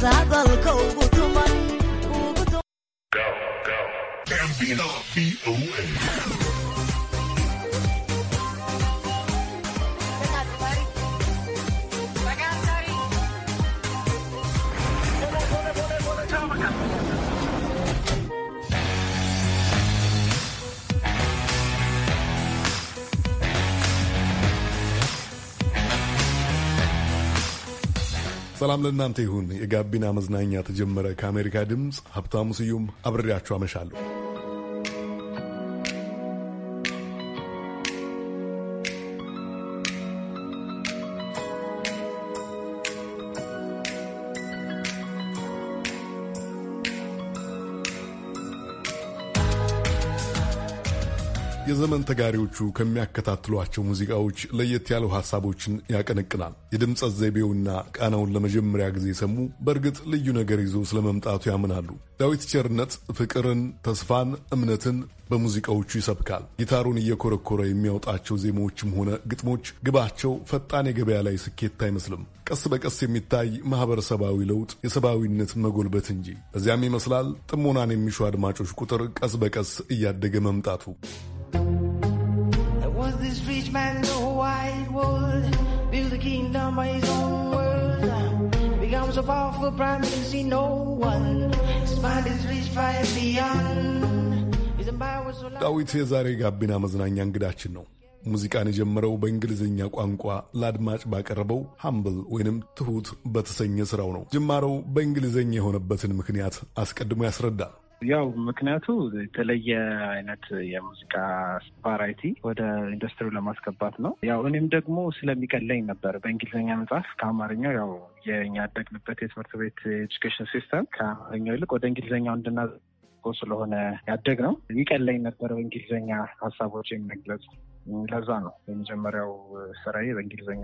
Go, go. ሰላም ለእናንተ ይሁን። የጋቢና መዝናኛ ተጀመረ። ከአሜሪካ ድምፅ ሀብታሙ ስዩም አብሬያችሁ አመሻለሁ። ዘመን ተጋሪዎቹ ከሚያከታትሏቸው ሙዚቃዎች ለየት ያሉ ሐሳቦችን ያቀነቅናል። የድምፀ ዘይቤውና ቃናውን ለመጀመሪያ ጊዜ የሰሙ በእርግጥ ልዩ ነገር ይዞ ስለመምጣቱ ያምናሉ። ዳዊት ቸርነት ፍቅርን፣ ተስፋን፣ እምነትን በሙዚቃዎቹ ይሰብካል። ጊታሩን እየኮረኮረ የሚያወጣቸው ዜማዎችም ሆነ ግጥሞች ግባቸው ፈጣን የገበያ ላይ ስኬት አይመስልም፣ ቀስ በቀስ የሚታይ ማህበረሰባዊ ለውጥ፣ የሰብአዊነት መጎልበት እንጂ። በዚያም ይመስላል ጥሞናን የሚሹ አድማጮች ቁጥር ቀስ በቀስ እያደገ መምጣቱ There was this rich man in the whole wide world, built a kingdom by his own world. Becomes a powerful prime minister, no one. His mind is rich far beyond. ዳዊት የዛሬ ጋቢና መዝናኛ እንግዳችን ነው። ሙዚቃን የጀመረው በእንግሊዝኛ ቋንቋ ለአድማጭ ባቀረበው ሃምብል ወይንም ትሑት በተሰኘ ስራው ነው። ጅማረው በእንግሊዝኛ የሆነበትን ምክንያት አስቀድሞ ያስረዳል። ያው ምክንያቱ የተለየ አይነት የሙዚቃ ቫራይቲ ወደ ኢንዱስትሪው ለማስገባት ነው። ያው እኔም ደግሞ ስለሚቀለኝ ነበር በእንግሊዝኛ መጽሐፍ ከአማርኛው ያው የኛ ያደግንበት የትምህርት ቤት ኤጁኬሽን ሲስተም ከአማርኛው ይልቅ ወደ እንግሊዝኛው እንድና ስለሆነ ያደግ ነው ይቀለኝ ነበር በእንግሊዝኛ ሀሳቦች የመግለጽ ለዛ ነው የመጀመሪያው ስራዬ በእንግሊዝኛ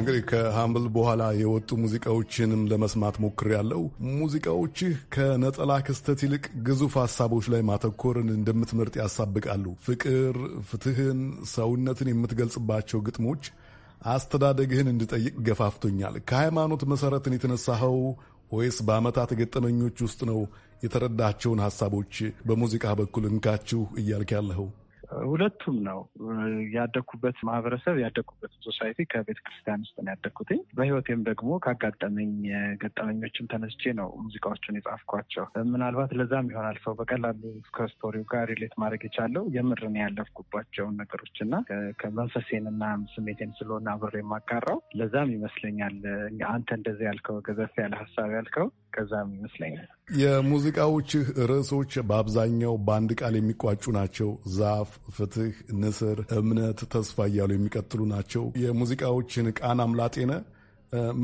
እንግዲህ ከሃምብል በኋላ የወጡ ሙዚቃዎችንም ለመስማት ሞክር ያለው ሙዚቃዎችህ ከነጠላ ክስተት ይልቅ ግዙፍ ሀሳቦች ላይ ማተኮርን እንደምትመርጥ ያሳብቃሉ። ፍቅር፣ ፍትህን፣ ሰውነትን የምትገልጽባቸው ግጥሞች አስተዳደግህን እንድጠይቅ ገፋፍቶኛል። ከሃይማኖት መሠረትን የተነሳኸው ወይስ በዓመታት ገጠመኞች ውስጥ ነው የተረዳቸውን ሐሳቦች በሙዚቃ በኩል እንካችሁ እያልክ ያለኸው? ሁለቱም ነው። ያደግኩበት ማህበረሰብ ያደግኩበት ሶሳይቲ ከቤተ ክርስቲያን ውስጥ ነው ያደግኩትኝ። በህይወቴም ደግሞ ካጋጠመኝ የገጠመኞችም ተነስቼ ነው ሙዚቃዎቹን የጻፍኳቸው። ምናልባት ለዛም ይሆናል ሰው በቀላሉ ከስቶሪው ጋር ሪሌት ማድረግ የቻለው የምርን ያለፍኩባቸውን ነገሮች እና ከመንፈሴንና ስሜቴን ስለሆነ አብሮ የማጋራው ለዛም ይመስለኛል አንተ እንደዚህ ያልከው ገዘፍ ያለ ሀሳብ ያልከው ከዛም ይመስለኛል የሙዚቃዎችህ ርዕሶች በአብዛኛው በአንድ ቃል የሚቋጩ ናቸው። ዛፍ፣ ፍትህ፣ ንስር፣ እምነት፣ ተስፋ እያሉ የሚቀጥሉ ናቸው። የሙዚቃዎችን ቃናም አምላጤነ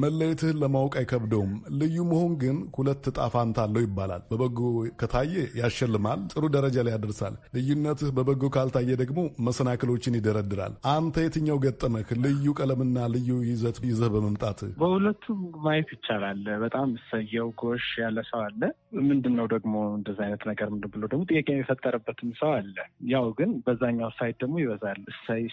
መለየትህን ለማወቅ አይከብደውም። ልዩ መሆን ግን ሁለት እጣ ፋንታ አለው ይባላል። በበጎ ከታየ ያሸልማል፣ ጥሩ ደረጃ ላይ ያደርሳል። ልዩነትህ በበጎ ካልታየ ደግሞ መሰናክሎችን ይደረድራል። አንተ የትኛው ገጠመህ? ልዩ ቀለምና ልዩ ይዘት ይዘህ በመምጣት በሁለቱም ማየት ይቻላል። በጣም ሰየው ጎሽ ያለ ሰው አለ። ምንድን ነው ደግሞ እንደዚ አይነት ነገር ምንድን ብሎ ደግሞ ጥያቄ የፈጠረበትም ሰው አለ። ያው ግን በዛኛው ሳይት ደግሞ ይበዛል። እሰይ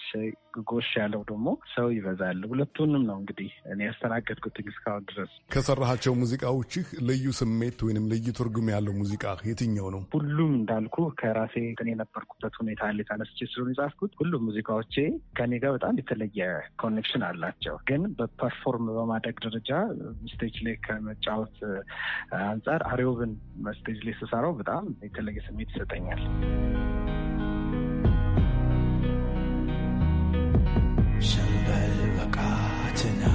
ጎሽ ያለው ደግሞ ሰው ይበዛል። ሁለቱንም ነው እንግዲህ እኔ ያስተናገድኩት እስካሁን ድረስ። ከሰራሃቸው ሙዚቃዎችህ ልዩ ስሜት ወይንም ልዩ ትርጉም ያለው ሙዚቃ የትኛው ነው? ሁሉም እንዳልኩ ከራሴ እኔ የነበርኩበት ሁኔታ ላይ ተነስቼ ስለሆነ የጻፍኩት ሁሉም ሙዚቃዎቼ ከኔ ጋር በጣም የተለየ ኮኔክሽን አላቸው። ግን በፐርፎርም በማደግ ደረጃ ስቴጅ ላይ ከመጫወት አንጻር አሬውብን ስቴጅ ላይ ስሰራው በጣም የተለየ ስሜት ይሰጠኛል። ሸንበል Vakatana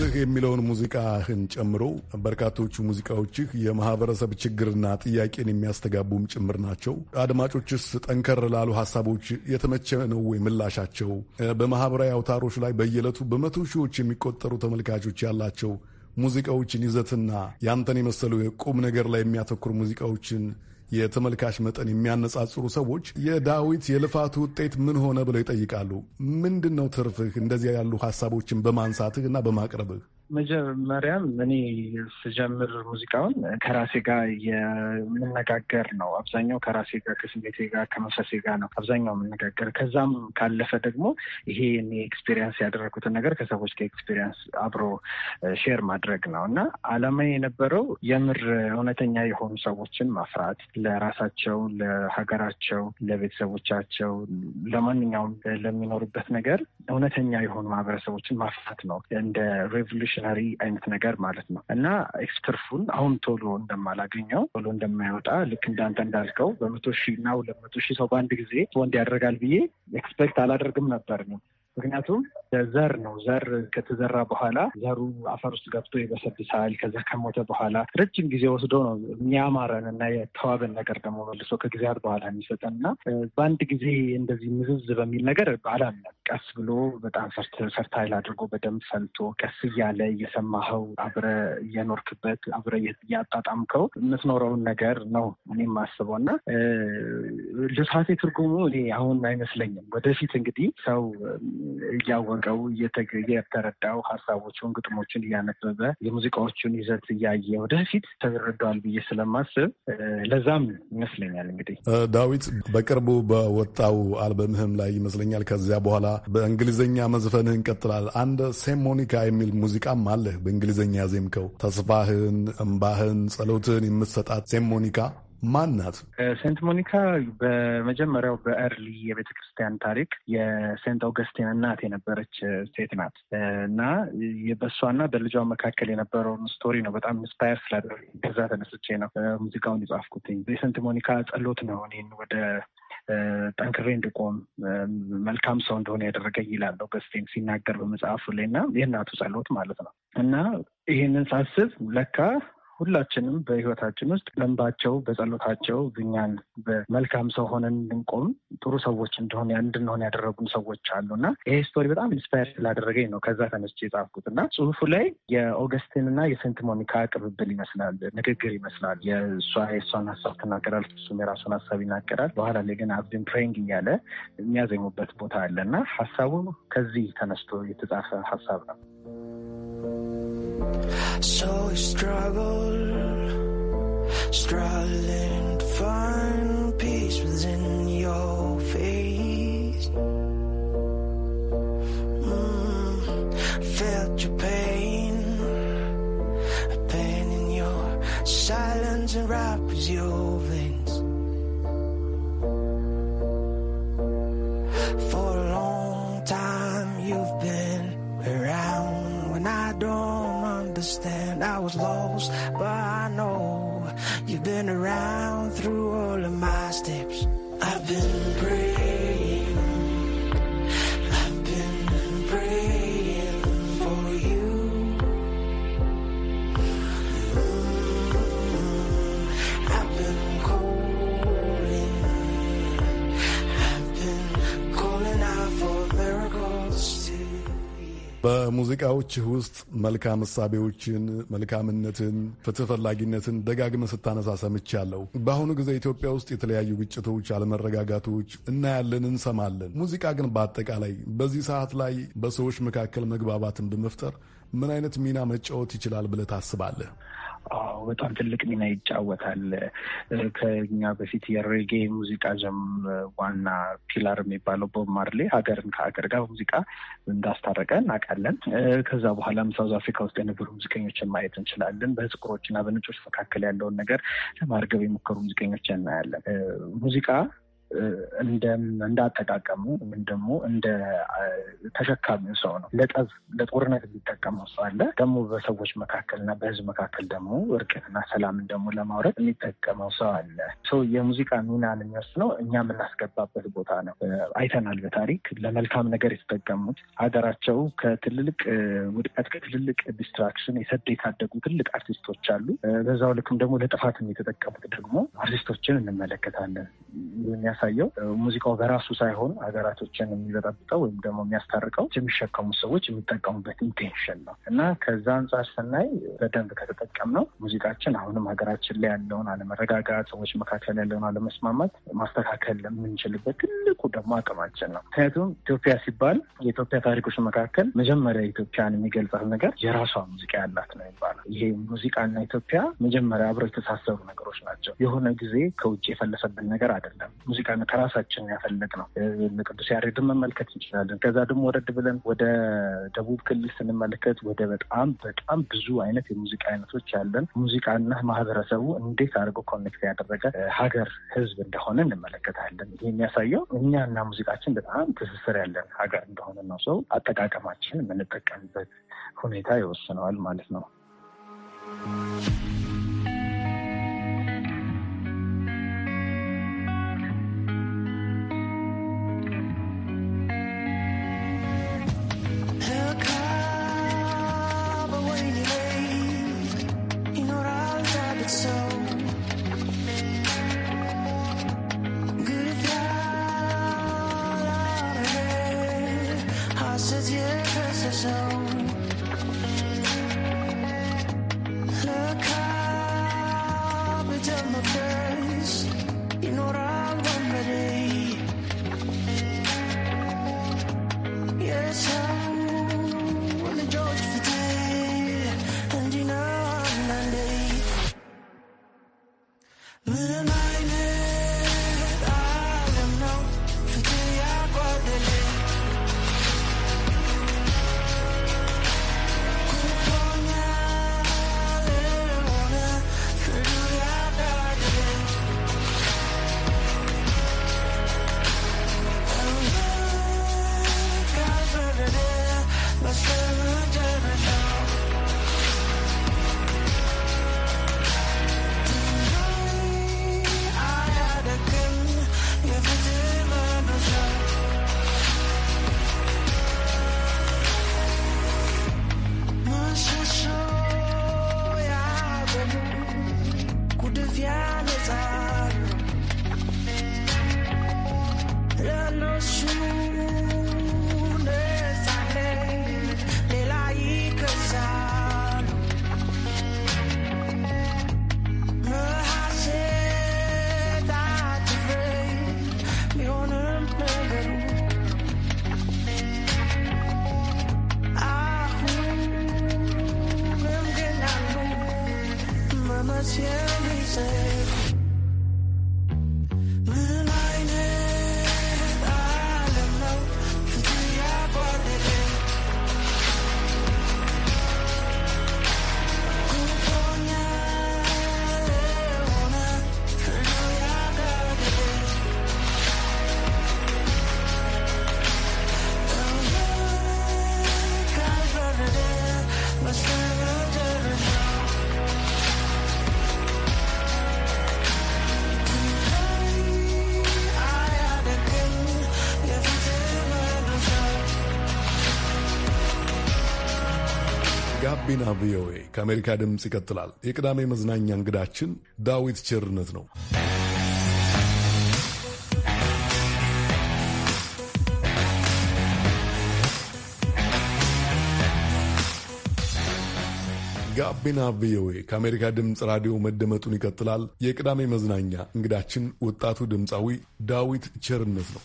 ሕይወትህ የሚለውን ሙዚቃህን ጨምሮ በርካቶቹ ሙዚቃዎችህ የማህበረሰብ ችግርና ጥያቄን የሚያስተጋቡም ጭምር ናቸው። አድማጮችስ ጠንከር ላሉ ሀሳቦች የተመቸ ነው ወይ ምላሻቸው? በማህበራዊ አውታሮች ላይ በየዕለቱ በመቶ ሺዎች የሚቆጠሩ ተመልካቾች ያላቸው ሙዚቃዎችን ይዘትና ያንተን የመሰሉ ቁም ነገር ላይ የሚያተኩር ሙዚቃዎችን የተመልካች መጠን የሚያነጻጽሩ ሰዎች የዳዊት የልፋት ውጤት ምን ሆነ ብለው ይጠይቃሉ። ምንድን ነው ትርፍህ እንደዚያ ያሉ ሀሳቦችን በማንሳትህ እና በማቅረብህ? መጀመሪያም እኔ ስጀምር ሙዚቃውን ከራሴ ጋር የምነጋገር ነው። አብዛኛው ከራሴ ጋር ከስሜቴ ጋር ከመንፈሴ ጋር ነው አብዛኛው የምነጋገር። ከዛም ካለፈ ደግሞ ይሄ እኔ ኤክስፔሪንስ ያደረግኩትን ነገር ከሰዎች ጋር ኤክስፔሪንስ አብሮ ሼር ማድረግ ነው እና አላማ የነበረው የምር እውነተኛ የሆኑ ሰዎችን ማፍራት ለራሳቸው፣ ለሀገራቸው፣ ለቤተሰቦቻቸው፣ ለማንኛውም ለሚኖሩበት ነገር እውነተኛ የሆኑ ማህበረሰቦችን ማፍራት ነው እንደ ሬቮሉሽን ዲክሽነሪ አይነት ነገር ማለት ነው እና ኤክስትርፉን አሁን ቶሎ እንደማላገኘው ቶሎ እንደማይወጣ ልክ እንዳንተ እንዳልከው በመቶ ሺህ እና ሁለት መቶ ሺህ ሰው በአንድ ጊዜ ወንድ ያደርጋል ብዬ ኤክስፔክት አላደርግም ነበር ነው ምክንያቱም ዘር ነው። ዘር ከተዘራ በኋላ ዘሩ አፈር ውስጥ ገብቶ ይበሰብሳል። ከዛ ከሞተ በኋላ ረጅም ጊዜ ወስዶ ነው የሚያማረን እና የተዋበን ነገር ደግሞ መልሶ ከጊዜያት በኋላ የሚሰጠን እና በአንድ ጊዜ እንደዚህ ምዝዝ በሚል ነገር አላምንም። ቀስ ብሎ በጣም ፈርታይል አድርጎ በደንብ ሰልቶ ቀስ እያለ እየሰማኸው አብረ እየኖርክበት አብረ እያጣጣምከው የምትኖረውን ነገር ነው እኔ ማስበው እና ልሳቴ ትርጉሙ እኔ አሁን አይመስለኝም። ወደፊት እንግዲህ ሰው እያወቀው የተረዳው ሀሳቦቹን፣ ግጥሞችን እያነበበ የሙዚቃዎቹን ይዘት እያየ ወደፊት ተረዷል ብዬ ስለማስብ ለዛም ይመስለኛል። እንግዲህ ዳዊት በቅርቡ በወጣው አልበምህም ላይ ይመስለኛል ከዚያ በኋላ በእንግሊዝኛ መዝፈንህን ቀጥላል። አንድ ሴሞኒካ የሚል ሙዚቃም አለህ በእንግሊዝኛ ዜምከው ተስፋህን፣ እምባህን፣ ጸሎትህን የምትሰጣት ሴሞኒካ ማን ናት? ሴንት ሞኒካ በመጀመሪያው በእርሊ የቤተ ክርስቲያን ታሪክ የሴንት ኦገስቲን እናት የነበረች ሴት ናት እና በእሷና በልጇ መካከል የነበረውን ስቶሪ ነው በጣም ኢንስፓየር ስላደረገኝ ከዛ ተነስቼ ነው ሙዚቃውን የጻፍኩትኝ። የሴንት ሞኒካ ጸሎት ነው እኔን ወደ ጠንክሬ እንድቆም መልካም ሰው እንደሆነ ያደረገኝ ይላል ኦገስቲን ሲናገር በመጽሐፉ ላይ እና የእናቱ ጸሎት ማለት ነው እና ይህንን ሳስብ ለካ ሁላችንም በህይወታችን ውስጥ በእንባቸው በጸሎታቸው እኛን በመልካም ሰው ሆነን እንድንቆም ጥሩ ሰዎች እንደሆነ እንድንሆን ያደረጉን ሰዎች አሉ እና ይሄ ስቶሪ በጣም ኢንስፓየር ስላደረገኝ ነው ከዛ ተነስቼ የጻፍኩት እና ጽሁፉ ላይ የኦገስቲን እና የሴንት ሞኒካ ቅብብል ይመስላል፣ ንግግር ይመስላል። የእሷ የእሷን ሀሳብ ትናገራል እሱም የራሱን ሀሳብ ይናገራል። በኋላ ላይ ግን አብድን ፕሬንግ እያለ የሚያዘኙበት ቦታ አለ እና ሀሳቡ ከዚህ ተነስቶ የተጻፈ ሀሳብ ነው። So we struggle, struggling to find peace within your face. Mm, felt your pain, a pain in your silence and wrappers your veins. understand I was lost, but I know you've been around through all of my steps. ሙዚቃዎችህ ውስጥ መልካም እሳቤዎችን፣ መልካምነትን፣ ፍትህ ፈላጊነትን ደጋግመ ስታነሳ ሰምቻለሁ። በአሁኑ ጊዜ ኢትዮጵያ ውስጥ የተለያዩ ግጭቶች፣ አለመረጋጋቶች እናያለን፣ እንሰማለን። ሙዚቃ ግን በአጠቃላይ በዚህ ሰዓት ላይ በሰዎች መካከል መግባባትን በመፍጠር ምን አይነት ሚና መጫወት ይችላል ብለህ ታስባለህ? አዎ በጣም ትልቅ ሚና ይጫወታል። ከኛ በፊት የሬጌ ሙዚቃ ጀም ዋና ፒላር የሚባለው ቦብ ማርሌ ሀገርን ከሀገር ጋር ሙዚቃ እንዳስታረቀ እናውቃለን። ከዛ በኋላም ሳውዝ አፍሪካ ውስጥ የነበሩ ሙዚቀኞችን ማየት እንችላለን። በጥቁሮች እና በነጮች መካከል ያለውን ነገር ለማርገብ የሞከሩ ሙዚቀኞች እናያለን። ሙዚቃ እንዳጠቃቀሙ ወይም ደግሞ እንደ ተሸካሚው ሰው ነው። ለጠብ ለጦርነት የሚጠቀመው ሰው አለ። ደግሞ በሰዎች መካከልና በህዝብ መካከል ደግሞ እርቅንና ሰላምን ደግሞ ለማውረድ የሚጠቀመው ሰው አለ። ሰው የሙዚቃ ሚናን የሚወስነው እኛ የምናስገባበት ቦታ ነው። አይተናል በታሪክ ለመልካም ነገር የተጠቀሙት ሀገራቸው ከትልልቅ ውድቀት ከትልልቅ ዲስትራክሽን የሰደ የታደጉ ትልቅ አርቲስቶች አሉ። በዛው ልክም ደግሞ ለጥፋትም የተጠቀሙት ደግሞ አርቲስቶችን እንመለከታለን። የሚያሳየው ሙዚቃው በራሱ ሳይሆን ሀገራቶችን የሚበጠብጠው ወይም ደግሞ የሚያስታርቀው የሚሸከሙ ሰዎች የሚጠቀሙበት ኢንቴንሽን ነው እና ከዛ አንጻር ስናይ በደንብ ከተጠቀምነው ሙዚቃችን አሁንም ሀገራችን ላይ ያለውን አለመረጋጋት፣ ሰዎች መካከል ያለውን አለመስማማት ማስተካከል የምንችልበት ትልቁ ደግሞ አቅማችን ነው። ምክንያቱም ኢትዮጵያ ሲባል የኢትዮጵያ ታሪኮች መካከል መጀመሪያ ኢትዮጵያን የሚገልጻት ነገር የራሷ ሙዚቃ ያላት ነው ይባላል። ይሄ ሙዚቃና ኢትዮጵያ መጀመሪያ አብረው የተሳሰሩ ነገሮች ናቸው። የሆነ ጊዜ ከውጭ የፈለሰብን ነገር አይደለም። ሙዚቃን ከራሳችን ያፈለግ ነው። ቅዱስ ያሬድን መመልከት እንችላለን። ከዛ ደግሞ ወረድ ብለን ወደ ደቡብ ክልል ስንመለከት ወደ በጣም በጣም ብዙ አይነት የሙዚቃ አይነቶች ያለን ሙዚቃና ማህበረሰቡ እንዴት አድርጎ ኮኔክት ያደረገ ሀገር ህዝብ እንደሆነ እንመለከታለን። ይህ የሚያሳየው እኛና ሙዚቃችን በጣም ትስስር ያለን ሀገር እንደሆነ ነው። ሰው አጠቃቀማችን የምንጠቀምበት ሁኔታ ይወስነዋል ማለት ነው። 世界的杀手。ቪኦኤ ከአሜሪካ ድምፅ ይቀጥላል። የቅዳሜ መዝናኛ እንግዳችን ዳዊት ቸርነት ነው። ጋቢና ቪኦኤ ከአሜሪካ ድምፅ ራዲዮ መደመጡን ይቀጥላል። የቅዳሜ መዝናኛ እንግዳችን ወጣቱ ድምፃዊ ዳዊት ቸርነት ነው።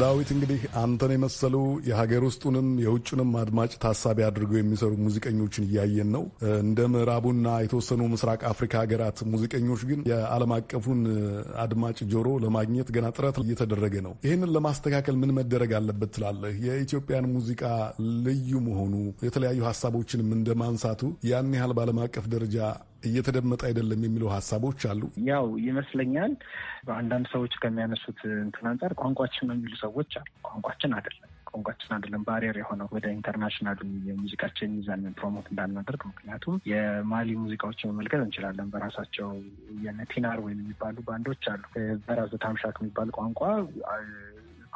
ዳዊት እንግዲህ አንተን የመሰሉ የሀገር ውስጡንም የውጭንም አድማጭ ታሳቢ አድርገው የሚሰሩ ሙዚቀኞችን እያየን ነው። እንደ ምዕራቡና የተወሰኑ ምስራቅ አፍሪካ ሀገራት ሙዚቀኞች ግን የዓለም አቀፉን አድማጭ ጆሮ ለማግኘት ገና ጥረት እየተደረገ ነው። ይህንን ለማስተካከል ምን መደረግ አለበት ትላለህ? የኢትዮጵያን ሙዚቃ ልዩ መሆኑ የተለያዩ ሀሳቦችንም እንደ ማንሳቱ ያን ያህል በዓለም አቀፍ ደረጃ እየተደመጠ አይደለም የሚለው ሀሳቦች አሉ። ያው ይመስለኛል በአንዳንድ ሰዎች ከሚያነሱት እንትን አንጻር ቋንቋችን ነው የሚሉ ሰዎች አሉ። ቋንቋችን አይደለም ቋንቋችን አይደለም ባሪየር የሆነው ወደ ኢንተርናሽናሉ የሙዚቃችን ሚዛን ፕሮሞት እንዳናደርግ። ምክንያቱም የማሊ ሙዚቃዎችን መመልከት እንችላለን። በራሳቸው የነቲናር ወይም የሚባሉ ባንዶች አሉ። በራሱ ታምሻክ የሚባል ቋንቋ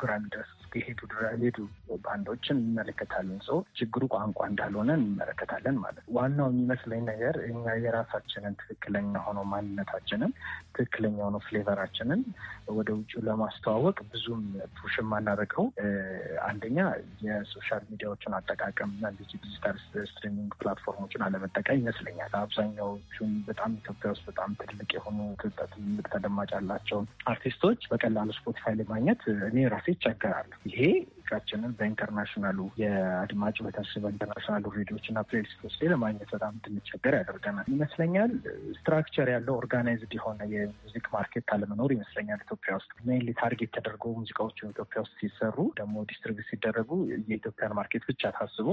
ጉራሚ ድረስ የሄዱ የሄዱ ባንዶችን እንመለከታለን። ሰው ችግሩ ቋንቋ እንዳልሆነ እንመለከታለን ማለት ነው። ዋናው የሚመስለኝ ነገር እኛ የራሳችንን ትክክለኛ ሆኖ ማንነታችንን ትክክለኛ ሆኖ ፍሌቨራችንን ወደ ውጭ ለማስተዋወቅ ብዙም ፑሽ የማናደርገው አንደኛ የሶሻል ሚዲያዎችን አጠቃቀም እና ዲጂታል ስትሪሚንግ ፕላትፎርሞችን አለመጠቀም ይመስለኛል። አብዛኛዎቹን በጣም ኢትዮጵያ ውስጥ በጣም ትልቅ የሆኑ ትልቅ ተደማጭ ያላቸው አርቲስቶች በቀላሉ ስፖቲፋይ ለማግኘት እኔ ራሴ ይቸገራለሁ። ይሄ ቃችንን በኢንተርናሽናሉ የአድማጭ ቤተሰብ በኢንተርናሽናሉ ሬዲዮች እና ፕሌሊስቶች ላይ ለማግኘት በጣም እንድንቸገር ያደርገናል ይመስለኛል። ስትራክቸር ያለው ኦርጋናይዝድ የሆነ የሙዚክ ማርኬት አለመኖር ይመስለኛል ኢትዮጵያ ውስጥ ሜይንሊ ታርጌት ተደርጎ ሙዚቃዎቹ ኢትዮጵያ ውስጥ ሲሰሩ ደግሞ ዲስትሪቢዩት ሲደረጉ የኢትዮጵያን ማርኬት ብቻ ታስቡ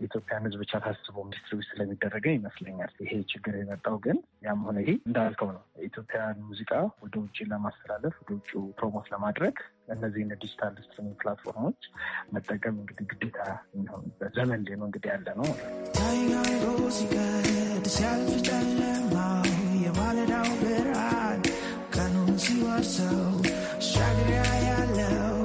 የኢትዮጵያን ሕዝብ ብቻ ታስቦ ዲስትሪቢዩት ስለሚደረገ ይመስለኛል ይሄ ችግር የመጣው። ግን ያም ሆነ ይሄ እንዳልከው ነው የኢትዮጵያን ሙዚቃ ወደ ውጭ ለማስተላለፍ ወደ ውጭ ፕሮሞት ለማድረግ እነዚህን ዲጂታል ስትሪሚንግ ፕላትፎርሞች መጠቀም እንግዲህ ግዴታ የሚሆንበት ዘመን ላይ እንግዲህ ያለ ነው። ታይናዶ የማለዳው ብርሃን ቀኑ ሲወርሰው ሻግሪያ ያለው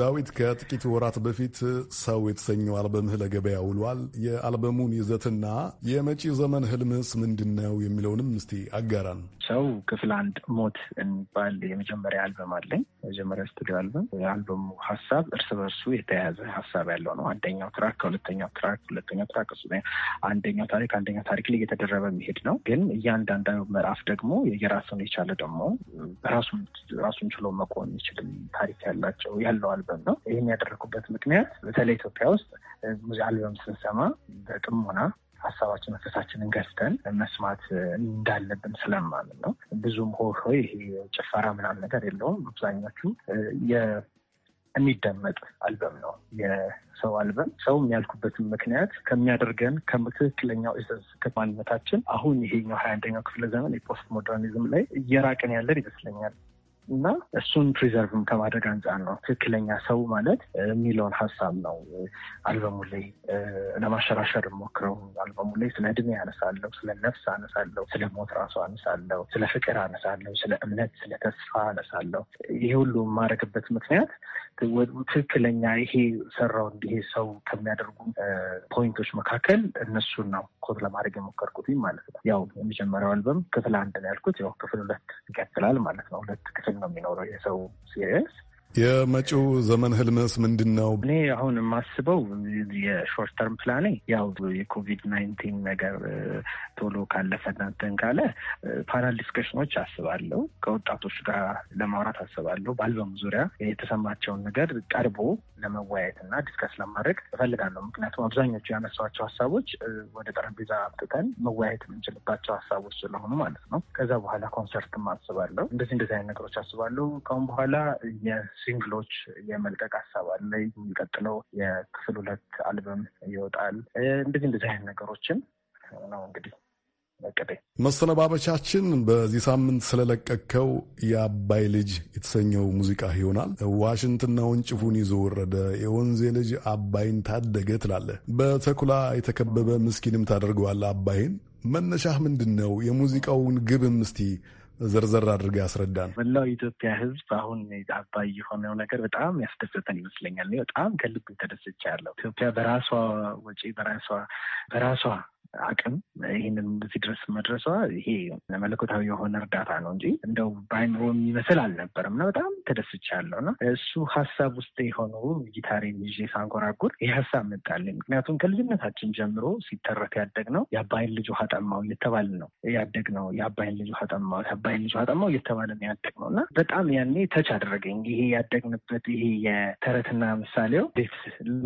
ዳዊት ከጥቂት ወራት በፊት ሰው የተሰኘው አልበምህ ለገበያ ውሏል። የአልበሙን ይዘትና የመጪ ዘመን ህልምስ ምንድን ነው የሚለውንም እስቲ አጋራን። ሰው ክፍል አንድ ሞት የሚባል የመጀመሪያ አልበም አለኝ። መጀመሪያ ስቱዲዮ አልበም። የአልበሙ ሀሳብ እርስ በርሱ የተያያዘ ሀሳብ ያለው ነው። አንደኛው ትራክ ከሁለተኛው ትራክ፣ ሁለተኛው ትራክ አንደኛው ታሪክ አንደኛው ታሪክ ላይ እየተደረበ የሚሄድ ነው። ግን እያንዳንዳ ምዕራፍ ደግሞ የራሱን የቻለ ደግሞ ራሱን ችሎ መቆም የሚችልም ታሪክ ያላቸው ያለው አልበም ነው። ይህን ያደረኩበት ምክንያት በተለይ ኢትዮጵያ ውስጥ ሙዚ አልበም ስንሰማ በጥሞና ሀሳባችን መንፈሳችንን ገፍተን መስማት እንዳለብን ስለማምን ነው። ብዙም ሆይ ይሄ ጭፈራ ምናምን ነገር የለውም። አብዛኞቹ የሚደመጥ አልበም ነው የሰው አልበም። ሰው የሚያልኩበትን ምክንያት ከሚያደርገን ከትክክለኛው ኢሰንስ ማንነታችን አሁን ይሄኛው ሀያ አንደኛው ክፍለ ዘመን የፖስት ሞደርኒዝም ላይ እየራቅን ያለን ይመስለኛል። እና እሱን ፕሪዘርቭም ከማድረግ አንጻር ነው ትክክለኛ ሰው ማለት የሚለውን ሀሳብ ነው አልበሙ ላይ ለማሸራሸር ሞክረው። አልበሙ ላይ ስለ እድሜ አነሳለሁ፣ ስለ ነፍስ አነሳለሁ፣ ስለ ሞት ራሱ አነሳለሁ፣ ስለ ፍቅር አነሳለሁ፣ ስለ እምነት፣ ስለ ተስፋ አነሳለሁ። ይሄ ሁሉ የማደርግበት ምክንያት ትክክለኛ ይሄ ሰራው እንዲሄ ሰው ከሚያደርጉ ፖይንቶች መካከል እነሱን ነው ኮት ለማድረግ የሞከርኩትኝ ማለት ነው። ያው የመጀመሪያው አልበም ክፍል አንድ ነው ያልኩት፣ ያው ክፍል ሁለት ይቀጥላል ማለት ነው። ሁለት ክፍል denominador es aún e si es, የመጪው ዘመን ህልምስ ምንድን ነው? እኔ አሁን የማስበው የሾርት ተርም ፕላኔ ያው የኮቪድ ናይንቲን ነገር ቶሎ ካለፈና እንትን ካለ ፓናል ዲስከሽኖች አስባለሁ። ከወጣቶች ጋር ለማውራት አስባለሁ። በአልበሙ ዙሪያ የተሰማቸውን ነገር ቀርቦ ለመወያየት እና ዲስከስ ለማድረግ እፈልጋለሁ። ምክንያቱም አብዛኞቹ ያነሷቸው ሀሳቦች ወደ ጠረጴዛ አምጥተን መወያየት የምንችልባቸው ሀሳቦች ስለሆኑ ማለት ነው። ከዛ በኋላ ኮንሰርትም አስባለሁ። እንደዚህ እንደዚህ አይነት ነገሮች አስባለሁ። ከአሁን በኋላ ሲንግሎች የመልቀቅ ሀሳብ አለ። የሚቀጥለው የክፍል ሁለት አልበም ይወጣል። እንደዚህ እንደዚህ አይነት ነገሮችን ነው እንግዲህ እቅዴ። መሰነባበቻችን በዚህ ሳምንት ስለለቀከው የአባይ ልጅ የተሰኘው ሙዚቃ ይሆናል። ዋሽንትና ወንጭፉን ይዞ ወረደ፣ የወንዜ ልጅ አባይን ታደገ ትላለህ። በተኩላ የተከበበ ምስኪንም ታደርገዋለህ አባይን መነሻህ ምንድን ነው? የሙዚቃውን ግብም እስቲ ዘርዘር አድርገህ ያስረዳን። መላው የኢትዮጵያ ሕዝብ አሁን አባይ የሆነው ነገር በጣም ያስደሰተን ይመስለኛል። በጣም ከልብ ተደስቻለሁ። ኢትዮጵያ በራሷ ወጪ በራሷ በራሷ አቅም ይህንን እዚህ ድረስ መድረሷ ይሄ መለኮታዊ የሆነ እርዳታ ነው እንጂ እንደው በአይምሮ የሚመስል አልነበርም እና በጣም ተደስቻለሁ እና እሱ ሀሳብ ውስጥ የሆነው ጊታሬን ይዤ ሳንጎራጉር ይህ ሀሳብ መጣልኝ። ምክንያቱም ከልጅነታችን ጀምሮ ሲተረት ያደግ ነው የአባይን ልጅ ውሃ ጠማው እየተባለ ነው ያደግ ነው የአባይን ልጅ ውሃ ጠማው የአባይን ልጅ ውሃ ጠማው እየተባለ ነው ያደግ ነው እና በጣም ያኔ ተች አደረገኝ። ይሄ ያደግንበት ይሄ የተረትና ምሳሌው ቤት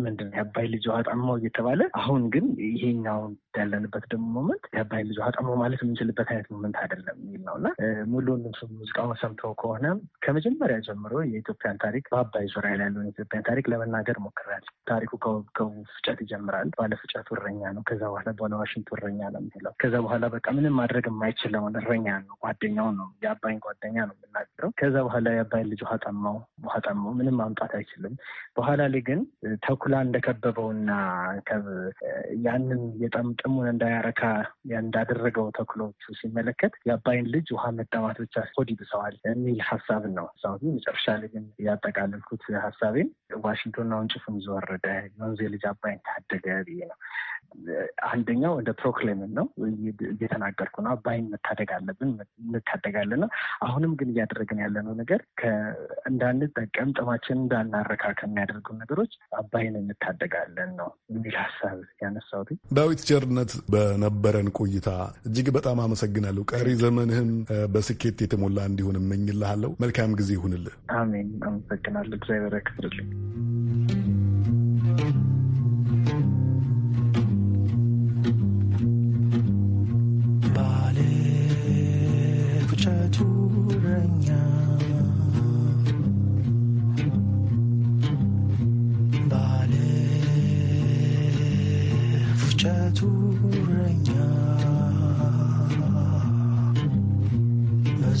ምንድን ነው የአባይን ልጅ ውሃ ጠማው እየተባለ አሁን ግን ይሄኛውን ያለ ባለንበት ደግሞ ሞመንት የአባይ ልጅ አጠሞ ማለት የምንችልበት አይነት ሞመንት አይደለም የሚል ነው እና ሙሉ ሙዚቃውን ሰምተው ከሆነ ከመጀመሪያ ጀምሮ የኢትዮጵያን ታሪክ በአባይ ዙሪያ ላይ ያለውን የኢትዮጵያን ታሪክ ለመናገር ሞክራል። ታሪኩ ፍጨት ይጀምራል። ባለ ፍጨቱ እረኛ ነው። ከዛ በኋላ በኋላ ዋሽንቱ እረኛ ነው የሚለው። ከዛ በኋላ በቃ ምንም ማድረግ የማይችለውን እረኛ ነው። ጓደኛው ነው፣ የአባይን ጓደኛ ነው የምናገረው። ከዛ በኋላ የአባይ ልጅ ውሃ ጠማው፣ ውሃ ጠማው፣ ምንም ማምጣት አይችልም። በኋላ ላይ ግን ተኩላ እንደከበበውና ያንን የጠምጥሙ አቅሙን እንዳያረካ እንዳደረገው ተክሎቹ ሲመለከት የአባይን ልጅ ውሃ መዳማት ብቻ ሆድ ይብሰዋል የሚል ሀሳብን ነው ሳሁ መጨረሻ ላይ ግን ያጠቃለልኩት ሀሳቤን ዋሽንግቶን አሁን ጭፍን ይዞ ወረደ፣ ልጅ አባይን ታደገ ብዬ ነው። አንደኛው እንደ ፕሮክሌምን ነው እየተናገርኩ ነው። አባይን መታደግ አለብን፣ እንታደጋለን። አሁንም ግን እያደረግን ያለነው ነገር እንዳንጠቀም ጥማችን እንዳናረካ ከሚያደርጉ ነገሮች አባይን እንታደጋለን ነው የሚል ሀሳብ ያነሳሁት። ዳዊት ቸርነት፣ በነበረን ቆይታ እጅግ በጣም አመሰግናለሁ። ቀሪ ዘመንህም በስኬት የተሞላ እንዲሆን እመኝልሃለሁ። መልካም ጊዜ ይሁንልህ። አሜን። አመሰግናለሁ። እግዚአብሔር ያክብርልኝ።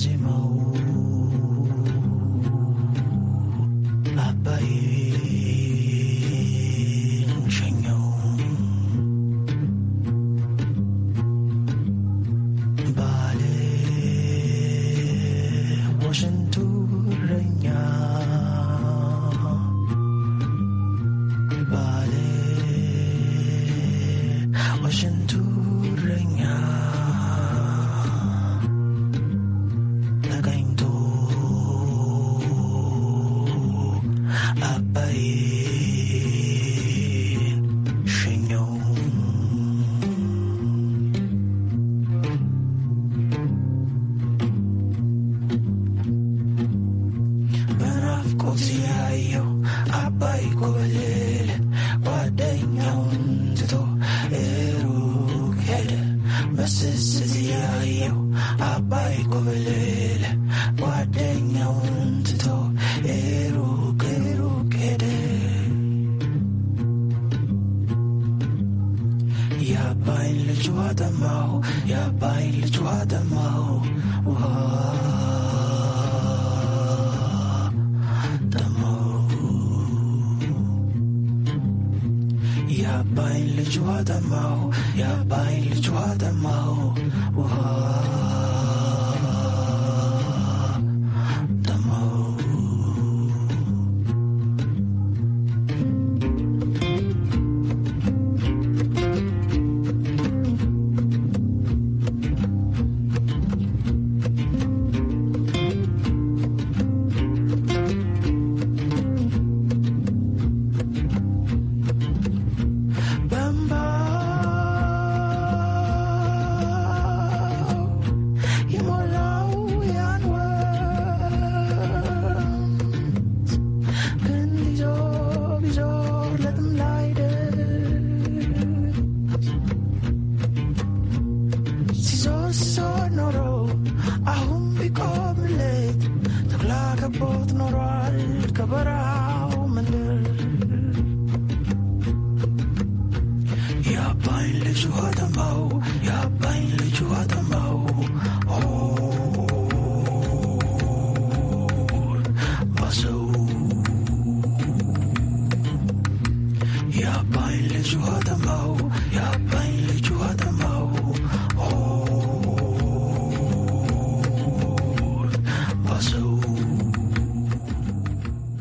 Zimão በስስት ያየው አባይ ኮበለ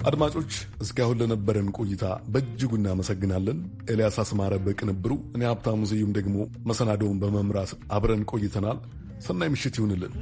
አድማጮች እስካሁን ለነበረን ቆይታ በእጅጉ እናመሰግናለን። ኤልያስ አስማረ በቅንብሩ፣ እኔ ሀብታሙ ስዩም ደግሞ መሰናዶውን በመምራት አብረን ቆይተናል። ሰናይ ምሽት ይሁንልን።